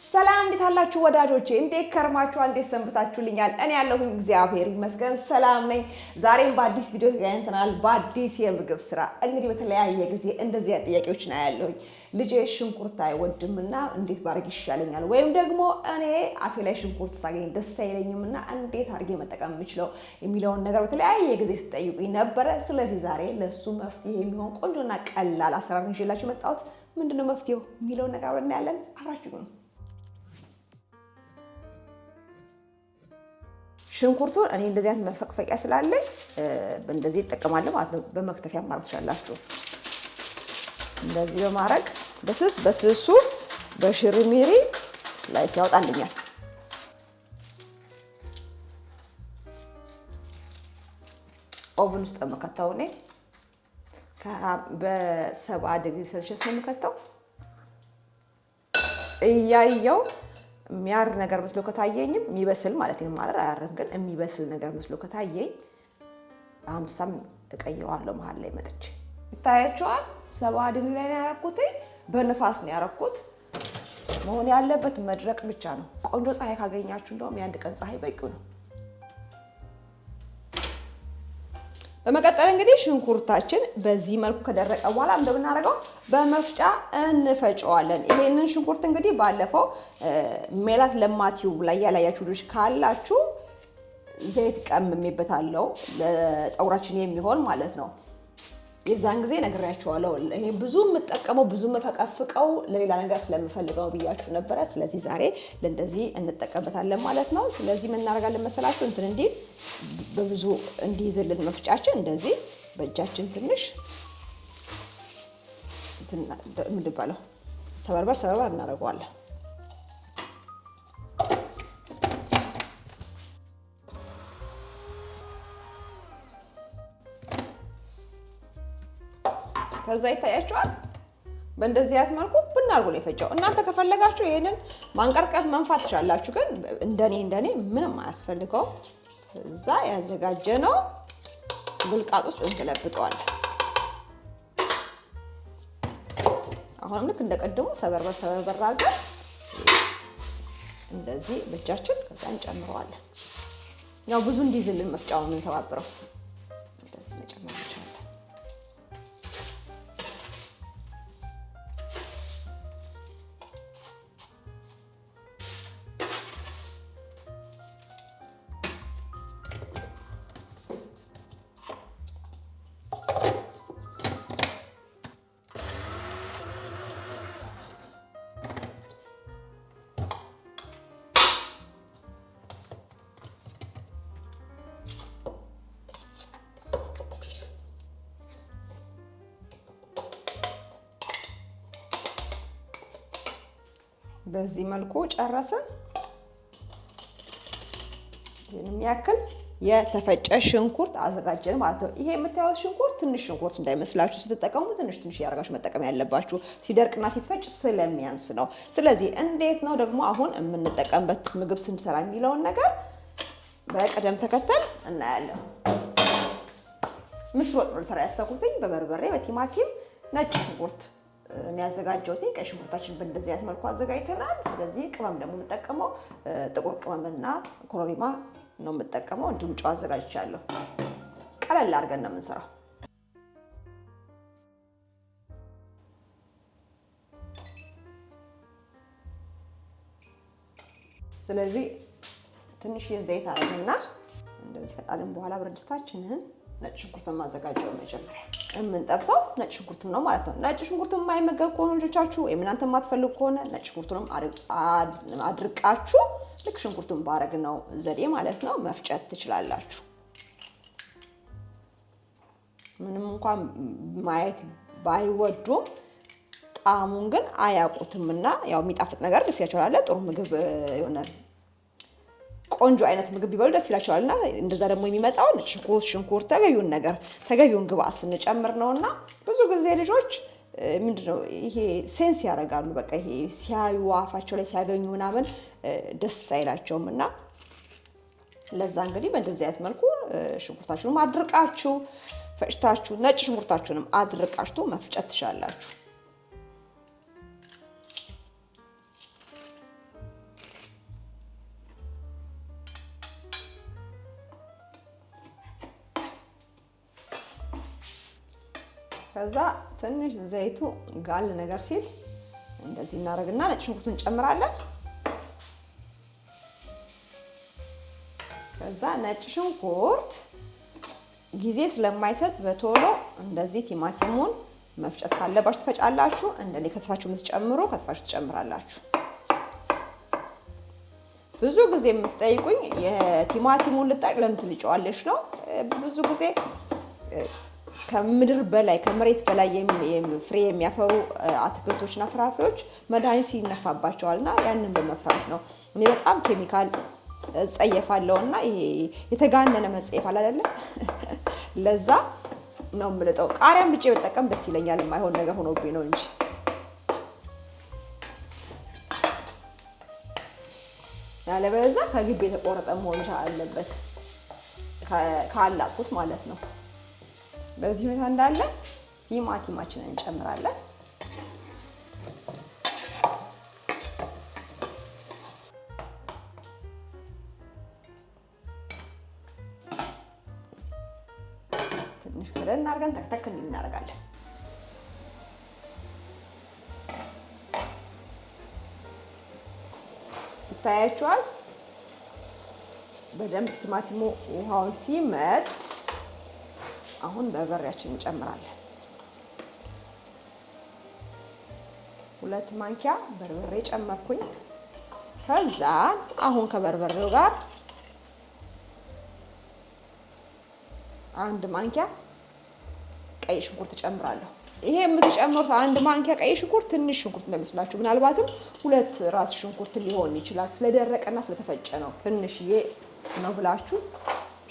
ሰላም እንዴት አላችሁ ወዳጆቼ? እንዴት ከርማችኋል? እንዴት ሰንብታችሁልኛል? እኔ ያለሁኝ እግዚአብሔር ይመስገን ሰላም ነኝ። ዛሬም በአዲስ ቪዲዮ ተገናኝተናል፣ በአዲስ የምግብ ስራ። እንግዲህ በተለያየ ጊዜ እንደዚህ ጥያቄዎች ና ያለሁኝ ልጄ ሽንኩርት አይወድምና እንዴት ባደርግ ይሻለኛል? ወይም ደግሞ እኔ አፌ ላይ ሽንኩርት ሳገኝ ደስ አይለኝምና እንዴት አድርጌ መጠቀም የምችለው የሚለውን ነገር በተለያየ ጊዜ ስጠይቁኝ ነበረ። ስለዚህ ዛሬ ለእሱ መፍትሄ የሚሆን ቆንጆና ቀላል አሰራር ይዤላችሁ የመጣሁት ምንድነው መፍትሄው የሚለውን ነገር እናያለን። አብራችሁ ነው ሽንኩርቱን እኔ እንደዚህ አይነት መፈቅፈቂያ ስላለኝ እንደዚህ እጠቀማለሁ ማለት ነው። በመክተፊያ ማድረግ ትችላላችሁ። እንደዚህ በማድረግ በስስ በስሱ በሽርሚሪ ስላይስ ያወጣልኛል። ኦቭን ውስጥ የምከተው እኔ በሰባ ዲግሪ ሴልሺየስ ነው የምከተው እያየው የሚያር ነገር መስሎ ከታየኝም የሚበስል ማለት ነው ማለት አያርም፣ ግን የሚበስል ነገር መስሎ ከታየኝ በሀምሳም እቀይረዋለሁ። መሀል ላይ መጥቼ ይታያቸዋል። ሰባ ድግሪ ላይ ነው ያረኩት። በንፋስ ነው ያረኩት። መሆን ያለበት መድረቅ ብቻ ነው። ቆንጆ ፀሐይ ካገኛችሁ እንደውም የአንድ ቀን ፀሐይ በቂው ነው። በመቀጠል እንግዲህ ሽንኩርታችን በዚህ መልኩ ከደረቀ በኋላ እንደምናደርገው በመፍጫ እንፈጨዋለን። ይሄንን ሽንኩርት እንግዲህ ባለፈው ሜላት ለማቲው ላይ ያላያችሁ ልጆች ካላችሁ ዘይት ቀምሜበታለሁ ለፀጉራችን የሚሆን ማለት ነው። የዛን ጊዜ ነግሬያቸዋለሁ። ይሄ ብዙ የምጠቀመው ብዙ የምፈቀፍቀው ለሌላ ነገር ስለምፈልገው ብያችሁ ነበረ። ስለዚህ ዛሬ ለእንደዚህ እንጠቀምበታለን ማለት ነው። ስለዚህ ምን መሰላችሁ? እንትን እንዲ በብዙ እንዲይዝልን መፍጫችን እንደዚህ በእጃችን ትንሽ ምንድን ባለው ሰበርበር ሰበርበር እናደርገዋለን። ከዛ ይታያቸዋል። በእንደዚህ አይነት መልኩ ብናርጉ ነው የፈጨው። እናንተ ከፈለጋችሁ ይሄንን ማንቀርቀር መንፋት ትችላላችሁ። ግን እንደኔ እንደኔ ምንም አያስፈልገው። እዛ ያዘጋጀ ነው ብልቃጥ ውስጥ እንገለብጠዋለን። አሁንም ልክ እንደቀድሞ ሰበርበር ሰበርበር አድርገን እንደዚህ በእጃችን ከዛ እንጨምረዋለን። ያው ብዙ እንዲዝልን መፍጫውን የምንሰባብረው በዚህ መልኩ ጨረስን። ይህንም ያክል የተፈጨ ሽንኩርት አዘጋጀን ማለት ነው። ይሄ የምታዩት ሽንኩርት ትንሽ ሽንኩርት እንዳይመስላችሁ፣ ስትጠቀሙ ትንሽ ትንሽ እያደረጋችሁ መጠቀም ያለባችሁ ሲደርቅና ሲፈጭ ስለሚያንስ ነው። ስለዚህ እንዴት ነው ደግሞ አሁን የምንጠቀምበት ምግብ ስንሰራ የሚለውን ነገር በቅደም ተከተል እናያለን። ምስር ወጥ ነው ልሰራ ያሰብኩትኝ በበርበሬ በቲማቲም ነጭ ሽንኩርት የሚያዘጋጀውት ቀይ ሽንኩርታችን በእንደዚህ አይነት መልኩ አዘጋጅተናል። ስለዚህ ቅመም ደግሞ የምጠቀመው ጥቁር ቅመምና ኮረሪማ ነው የምጠቀመው። እንዲሁም ጨው አዘጋጅቻለሁ። ቀለል አድርገን ነው የምንሰራው። ስለዚህ ትንሽ የዘይት አረግና እንደዚህ ከጣልን በኋላ ብረት ነጭ ሽንኩርት ማዘጋጀው መጀመሪያ የምንጠብሰው ነጭ ሽንኩርት ነው ማለት ነው። ነጭ ሽንኩርት የማይመገብ ከሆኑ ልጆቻችሁ ወይም እናንተ የማትፈልጉ ከሆነ ነጭ ሽንኩርቱንም አድርቃችሁ ልክ ሽንኩርቱን ባረግ ነው ዘዴ ማለት ነው መፍጨት ትችላላችሁ። ምንም እንኳን ማየት ባይወዱም ጣዕሙን ግን አያውቁትም እና ያው የሚጣፍጥ ነገር ደስ ያቸዋል። ጥሩ ምግብ የሆነ ቆንጆ አይነት ምግብ ቢበሉ ደስ ይላቸዋል። እና እንደዛ ደግሞ የሚመጣውን ሽንኩርት ሽንኩርት ተገቢውን ነገር ተገቢውን ግብአት ስንጨምር ነው እና ብዙ ጊዜ ልጆች ምንድነው ይሄ ሴንስ ያደርጋሉ። በቃ ይሄ ሲያዩ አፋቸው ላይ ሲያገኙ ምናምን ደስ አይላቸውም እና ለዛ እንግዲህ በእንደዚህ አይነት መልኩ ሽንኩርታችሁንም አድርቃችሁ ፈጭታችሁ ነጭ ሽንኩርታችሁንም አድርቃችሁ መፍጨት ትችላላችሁ። ከዛ ትንሽ ዘይቱ ጋል ነገር ሲል እንደዚህ እናደርግና ነጭ ሽንኩርት እንጨምራለን። ከዛ ነጭ ሽንኩርት ጊዜ ስለማይሰጥ በቶሎ እንደዚህ ቲማቲሙን መፍጨት ካለባችሁ ትፈጫላችሁ። እንደኔ ከትፋችሁ የምትጨምሩ ከትፋችሁ ትጨምራላችሁ። ብዙ ጊዜ የምትጠይቁኝ የቲማቲሙን ልጣቅ ለምን ትልጨዋለች ነው። ብዙ ጊዜ ከምድር በላይ ከመሬት በላይ ፍሬ የሚያፈሩ አትክልቶችና ፍራፍሬዎች መድኃኒት ይነፋባቸዋልና ያንን በመፍራት ነው። እኔ በጣም ኬሚካል እጸየፋለሁ እና ይሄ የተጋነነ መጸየፍ አለ ለዛ ነው የምልጠው። ቃሪያም ብጭ በጠቀም ደስ ይለኛል፣ የማይሆን ነገር ሆኖብኝ ነው እንጂ ያለበለዛ ከግቢ የተቆረጠ መሆን አለበት፣ ካላቁት ማለት ነው። በዚህ ሁኔታ እንዳለ ቲማቲማችንን እንጨምራለን። ትንሽ ከደን እናድርገን ተክተክ እናደርጋለን። ይታያችኋል በደንብ ቲማቲሙ ውሃውን ሲመጥ አሁን በርበሬያችን እንጨምራለን። ሁለት ማንኪያ በርበሬ ጨመርኩኝ። ከዛ አሁን ከበርበሬው ጋር አንድ ማንኪያ ቀይ ሽንኩርት ጨምራለሁ። ይሄ የምትጨምሩት አንድ ማንኪያ ቀይ ሽንኩርት ትንሽ ሽንኩርት እንደሚመስላችሁ ምናልባትም ሁለት ራስ ሽንኩርት ሊሆን ይችላል። ስለደረቀና ስለተፈጨ ነው ትንሽዬ ነው ብላችሁ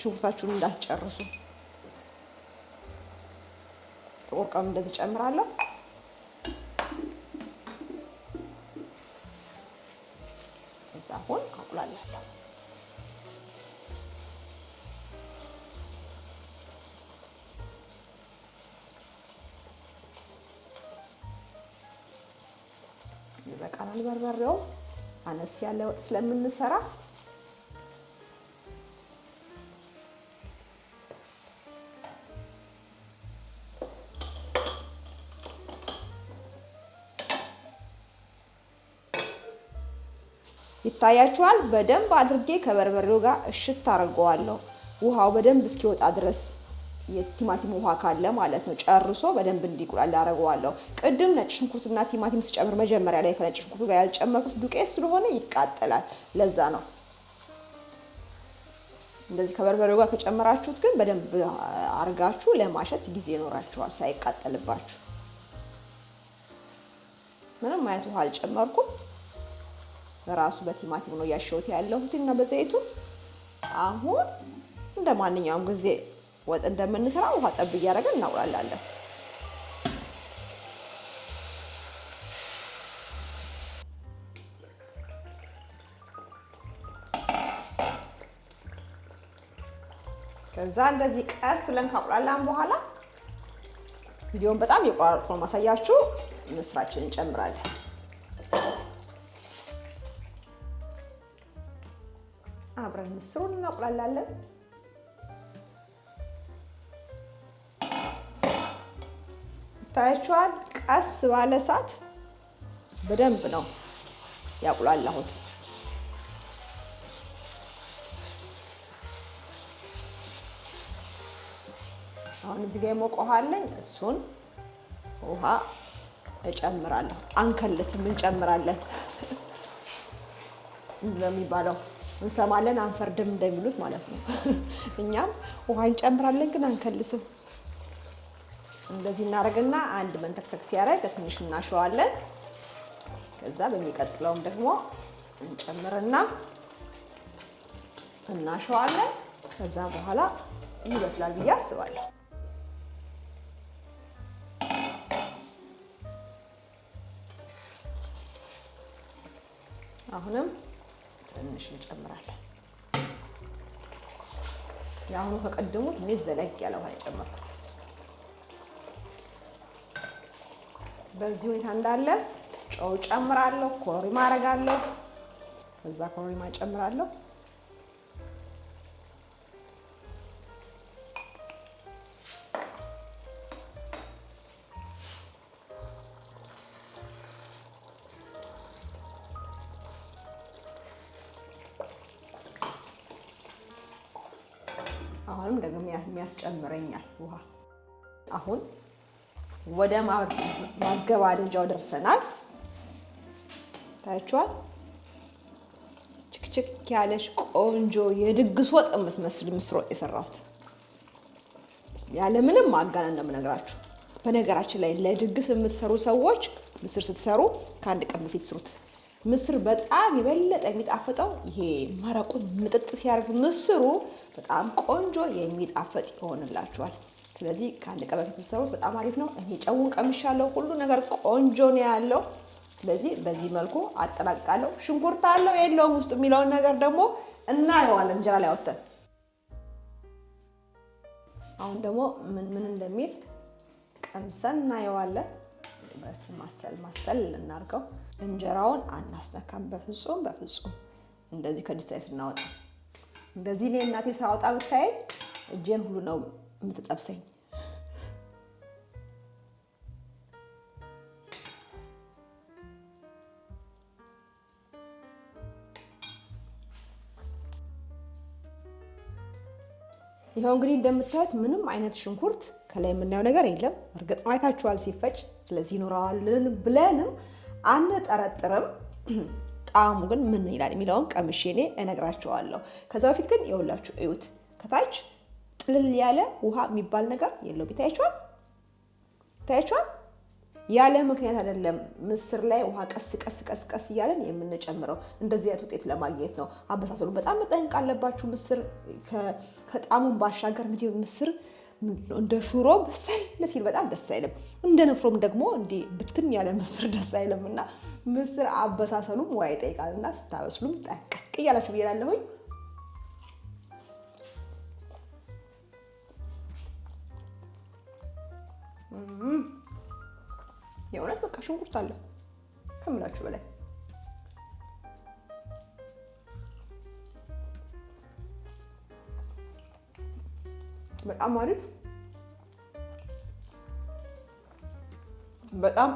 ሽንኩርታችሁን እንዳትጨርሱ ጥቁር ቀም እንደዚህ ጨምራለሁ። እዛ አሁን አቁላላለሁ። ይበቃናል። በርበሬው አነስ ያለ ወጥ ስለምንሰራ ይታያችኋል። በደንብ አድርጌ ከበርበሬው ጋር እሽት አድርገዋለሁ። ውሃው በደንብ እስኪወጣ ድረስ የቲማቲም ውሃ ካለ ማለት ነው። ጨርሶ በደንብ እንዲቁላል አደርገዋለሁ። ቅድም ነጭ ሽንኩርትና ቲማቲም ስጨምር መጀመሪያ ላይ ከነጭ ሽንኩርቱ ጋር ያልጨመርኩት ዱቄት ስለሆነ ይቃጠላል። ለዛ ነው። እንደዚህ ከበርበሬው ጋር ከጨመራችሁት ግን በደንብ አርጋችሁ ለማሸት ጊዜ ይኖራችኋል ሳይቃጠልባችሁ። ምንም አይነት ውሃ አልጨመርኩም። በራሱ በቲማቲም ነው እያሸሁት ያለሁት እና በዘይቱ አሁን እንደ ማንኛውም ጊዜ ወጥ እንደምንሰራ ውሃ ጠብ እያደረገን እናውላላለን። ከዛ እንደዚህ ቀስ ብለን ካቁላላን በኋላ ቪዲዮን በጣም የቆራረጥኩ ማሳያችሁ። ምስራችን እንጨምራለን። ምስሩን እናቁላላለን። ታያችኋል። ቀስ ባለ እሳት በደንብ ነው ያቁላላሁት። አሁን እዚህ ጋር የሞቀ ውሃ አለኝ። እሱን ውሃ እጨምራለሁ። አንከልስም፣ እንጨምራለን እንደሚባለው እንሰማለን አንፈርድም እንደሚሉት ማለት ነው። እኛም ውሃ እንጨምራለን ግን አንከልስም። እንደዚህ እናደርግና አንድ መንተክተክ ሲያደርግ ትንሽ እናሸዋለን። ከዛ በሚቀጥለውም ደግሞ እንጨምርና እናሸዋለን። ከዛ በኋላ ይበስላል ብዬ አስባለሁ። አሁንም ትንሽ እንጨምራለን። የአሁኑ ከቀደሙት ትንሽ ዘለግ ያለ ውሃ የጨመርኩት በዚህ ሁኔታ እንዳለ ጨው ጨምራለሁ። ኮሪማ አረጋለሁ። ከዛ ኮሪማ ጨምራለሁ። አሁንም ደግሞ የሚያስጨምረኛል ውሃ። አሁን ወደ ማገባደጃው ደርሰናል። ታያችኋል። ችክችክ ያለች ቆንጆ የድግስ ወጥ የምትመስል ምስር ወጥ የሰራሁት ያለምንም ማጋነን እንደምነግራችሁ። በነገራችን ላይ ለድግስ የምትሰሩ ሰዎች ምስር ስትሰሩ ከአንድ ቀን በፊት ስሩት። ምስር በጣም የበለጠ የሚጣፈጠው ይሄ መረቁን ምጥጥ ሲያደርግ ምስሩ በጣም ቆንጆ የሚጣፍጥ ይሆንላችኋል። ስለዚህ ከአንድ ቀን በፊት ብትሰሩት በጣም አሪፍ ነው። እኔ ጨውን ቀምሻለሁ። ሁሉ ነገር ቆንጆ ነው ያለው። ስለዚህ በዚህ መልኩ አጠናቅቃለሁ። ሽንኩርት አለው የለውም ውስጥ የሚለውን ነገር ደግሞ እናየዋለን እንጀራ ላይ አወጥተን። አሁን ደግሞ ምን ምን እንደሚል ቀምሰን እናየዋለን። ማሰል ማሰል እናድርገው። እንጀራውን አናስነካም። በፍጹም በፍጹም። እንደዚህ ከድስት ላይ ስናወጣ እንደዚህ እኔ እናቴ ሳወጣ ብታየኝ እጄን ሁሉ ነው የምትጠብሰኝ። ይኸው እንግዲህ እንደምታዩት ምንም አይነት ሽንኩርት ከላይ የምናየው ነገር የለም። እርግጥ ማየታችኋል ሲፈጭ። ስለዚህ ይኖረዋል ብለንም አንጠረጥርም። ጣዕሙ ግን ምን ይላል የሚለውን ቀምሼ እኔ እነግራቸዋለሁ። ከዛ በፊት ግን የወላችሁ እዩት። ከታች ጥልል ያለ ውሃ የሚባል ነገር የለውም። ይታያችኋል፣ ይታያችኋል። ያለ ምክንያት አይደለም። ምስር ላይ ውሃ ቀስ ቀስ ቀስ ቀስ እያለን የምንጨምረው እንደዚህ አይነት ውጤት ለማግኘት ነው። አበሳሰሉ በጣም መጠንቅ አለባችሁ። ምስር ከጣሙን ባሻገር እንግዲህ ምስር እንደ ሽሮ በሰል ሲል በጣም ደስ አይልም። እንደ ንፍሮም ደግሞ እንዲህ ብትን ያለ ምስር ደስ አይልም እና ምስር አበሳሰሉም ውሃ ይጠይቃል እና ስታበስሉም ጠንቀቅ እያላችሁ ብዬ የእውነት በቃ ሽንኩርት አለ ከምላችሁ በላይ በጣም አሪፍ በጣም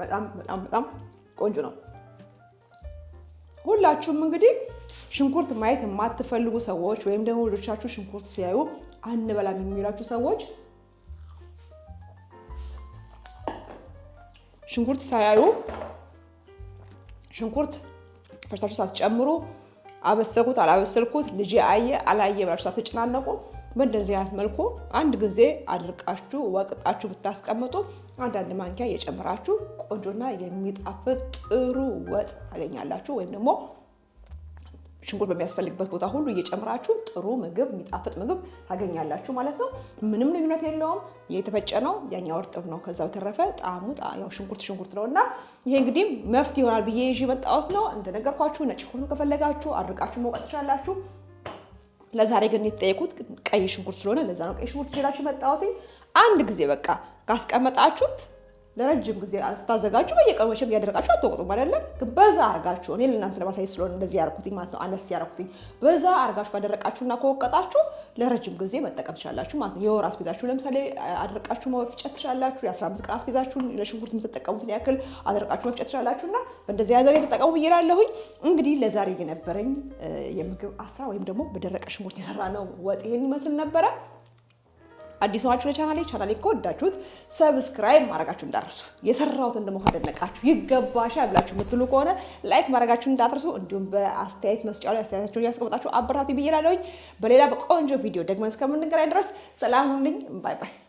በጣም በጣም በጣም ቆንጆ ነው። ሁላችሁም እንግዲህ ሽንኩርት ማየት የማትፈልጉ ሰዎች ወይም ደግሞ ልጆቻችሁ ሽንኩርት ሲያዩ አንበላም የሚላችሁ ሰዎች ሽንኩርት ሳያዩ ሽንኩርት ፈርታችሁ ሳትጨምሩ አበሰልኩት አላበሰልኩት ልጄ አየ አላየ ብላችሁ ሳትጨናነቁ በእንደዚህ አይነት መልኩ አንድ ጊዜ አድርቃችሁ ወቅጣችሁ ብታስቀምጡ አንዳንድ ማንኪያ የጨምራችሁ ቆንጆና የሚጣፍጥ ጥሩ ወጥ ታገኛላችሁ። ወይም ደግሞ ሽንኩርት በሚያስፈልግበት ቦታ ሁሉ እየጨምራችሁ ጥሩ ምግብ የሚጣፍጥ ምግብ ታገኛላችሁ ማለት ነው። ምንም ልዩነት የለውም። የተፈጨ ነው፣ ያኛው እርጥብ ነው። ከዛ በተረፈ ጣዕሙ ያው ሽንኩርት ሽንኩርት ነው እና ይሄ እንግዲህ መፍት ይሆናል ብዬ ይዤ መጣሁት ነው። እንደነገርኳችሁ ነጭ ሽንኩርት ከፈለጋችሁ አድርቃችሁ መውቀጥ ትችላላችሁ። ለዛሬ ግን የተጠየቁት ቀይ ሽንኩርት ስለሆነ ለዛ ነው ቀይ ሽንኩርት ሌላችሁ መጣሁት። አንድ ጊዜ በቃ ካስቀመጣችሁት ለረጅም ጊዜ ስታዘጋጁ በየቀኑ መቼም እያደረጋችሁ አትወቅጡም አይደለም። ግን በዛ አርጋችሁ እኔ ለእናንተ ለማሳየት ስለሆነ እንደዚህ ያረኩትኝ ማለት ነው፣ አነስ ያረኩትኝ። በዛ አርጋችሁ ካደረቃችሁና ከወቀጣችሁ ለረጅም ጊዜ መጠቀም ትችላላችሁ ማለት ነው። የወር አስቤዛችሁ ለምሳሌ አድርቃችሁ መፍጨት ትችላላችሁ። የ አምስት ቀን አስቤዛችሁን ለሽንኩርት የምትጠቀሙትን ያክል አደረቃችሁ መፍጨት ትችላላችሁ። እና በእንደዚህ ያዘር የተጠቀሙ ብዬ እላለሁኝ። እንግዲህ ለዛሬ የነበረኝ የምግብ አስራ ወይም ደግሞ በደረቀ ሽንኩርት የሰራ ነው ወጥ ይሄን ይመስል ነበረ። አዲስ ሆናችሁ ለቻናሌ ቻናሌ ከወዳችሁት ሰብስክራይብ ማድረጋችሁ እንዳትረሱ። የሰራሁትን ደግሞ ከደነቃችሁ ይገባሻ ብላችሁ የምትሉ ከሆነ ላይክ ማድረጋችሁ እንዳትረሱ። እንዲሁም በአስተያየት መስጫው ላይ አስተያየታችሁን እያስቀመጣችሁ አበረታቱ ብዬ እላለሁኝ። በሌላ በቆንጆ ቪዲዮ ደግመን እስከምንገናኝ ድረስ ሰላም ሁኑልኝ። ባይ ባይ።